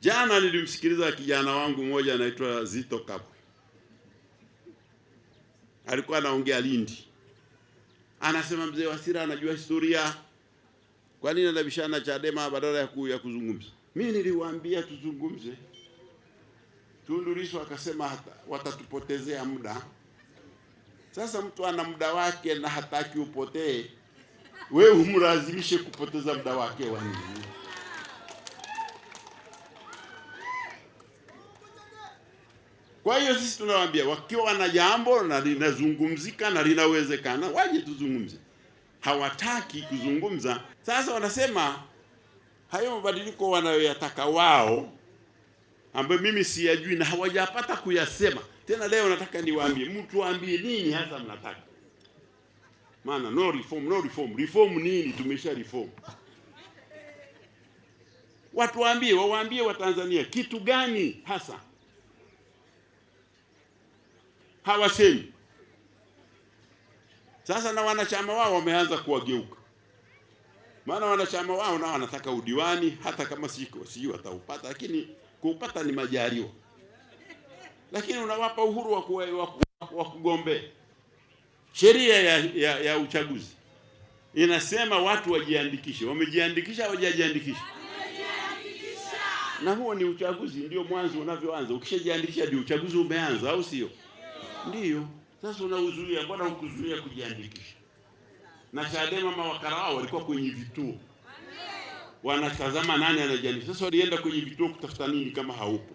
Jana nilimsikiliza kijana wangu mmoja anaitwa Zito Kabwe, alikuwa anaongea Lindi, anasema mzee Wasira anajua historia, kwa nini anabishana Chadema badala ya kuzungumza? Mimi niliwaambia tuzungumze. Tundu Lissu akasema hata watatupotezea muda. Sasa mtu ana muda wake na hataki upotee, wewe umlazimishe kupoteza muda wake wa nini? Kwa hiyo sisi tunawaambia wakiwa wana jambo na linazungumzika na linawezekana, waje tuzungumze. Hawataki kuzungumza. Sasa wanasema hayo mabadiliko wanayoyataka wao, ambayo mimi siyajui na hawajapata kuyasema. Tena leo nataka niwaambie, mtuambie nini hasa mnataka, maana no reform, no reform. Reform nini? Tumesha reform. Watuambie, wawaambie Watanzania kitu gani hasa hawasemi. Sasa na wanachama wao wameanza kuwageuka, maana wanachama wao nao wanataka udiwani, hata kama siko sijui wataupata, lakini kuupata ni majaliwa, lakini unawapa uhuru wa kugombea. Sheria ya, ya, ya uchaguzi inasema watu wajiandikishe. Wamejiandikisha, hawajajiandikisha? Na huo ni uchaguzi, ndio mwanzo unavyoanza. Ukishajiandikisha ndio uchaguzi umeanza, au sio? Ndiyo, sasa unauzuia, mbona hukuzuia kujiandikisha? Na Chadema mawakarao walikuwa kwenye vituo wanatazama nani anajiandikisha. Sasa walienda kwenye vituo kutafuta nini kama haupo?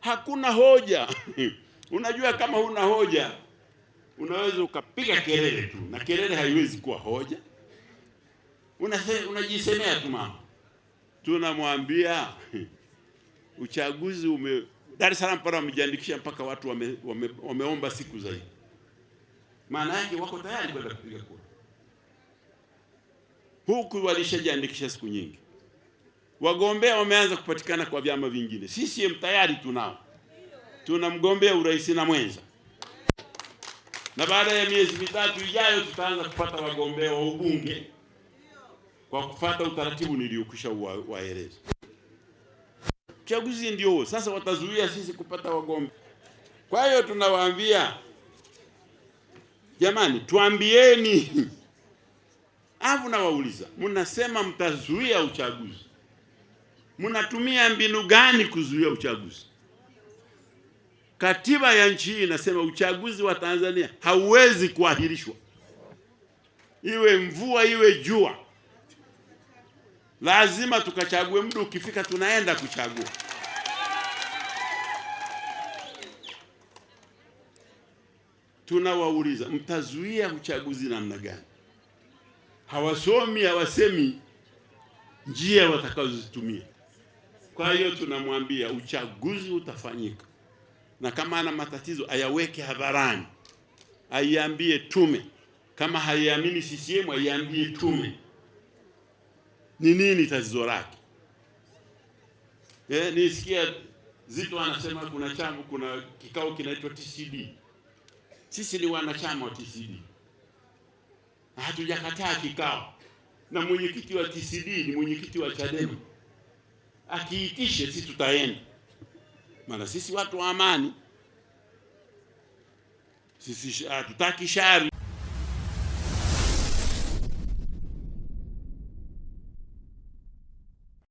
Hakuna hoja unajua, kama huna hoja unaweza ukapiga kelele tu, na kelele haiwezi kuwa hoja. Unajisemea tu mama, tunamwambia uchaguzi ume Dar es Salaam pale wamejiandikisha mpaka watu wame, wame, wameomba siku zaidi, maana yake wako tayari kwenda kupiga kura, huku walishajiandikisha siku nyingi. Wagombea wameanza kupatikana kwa vyama vingine. CCM tayari tunao, tuna mgombea urais na mwenza, na baada ya miezi mitatu ijayo tutaanza kupata wagombea wa ubunge kwa kufata utaratibu niliokwisha waeleza. Uchaguzi ndio Sasa watazuia sisi kupata wagombe Kwa hiyo tunawaambia jamani, tuambieni. Alafu nawauliza, mnasema mtazuia uchaguzi, mnatumia mbinu gani kuzuia uchaguzi? Katiba ya nchi hii inasema uchaguzi wa Tanzania hauwezi kuahirishwa, iwe mvua iwe jua lazima tukachague. Muda ukifika, tunaenda kuchagua. Tunawauliza, mtazuia uchaguzi namna gani? Hawasomi, hawasemi njia watakazozitumia. Kwa hiyo tunamwambia uchaguzi utafanyika, na kama ana matatizo ayaweke hadharani, aiambie tume. Kama haiamini CCM aiambie tume ni nini tatizo lake? Eh, nisikia Zito anasema kuna changu kuna kikao kinaitwa TCD. Sisi ni wanachama wa TCD, hatujakataa kikao, na mwenyekiti wa TCD ni mwenyekiti wa Chadema, akiitishe sisi tutaenda, maana sisi watu wa amani, sisi hatutaki shari.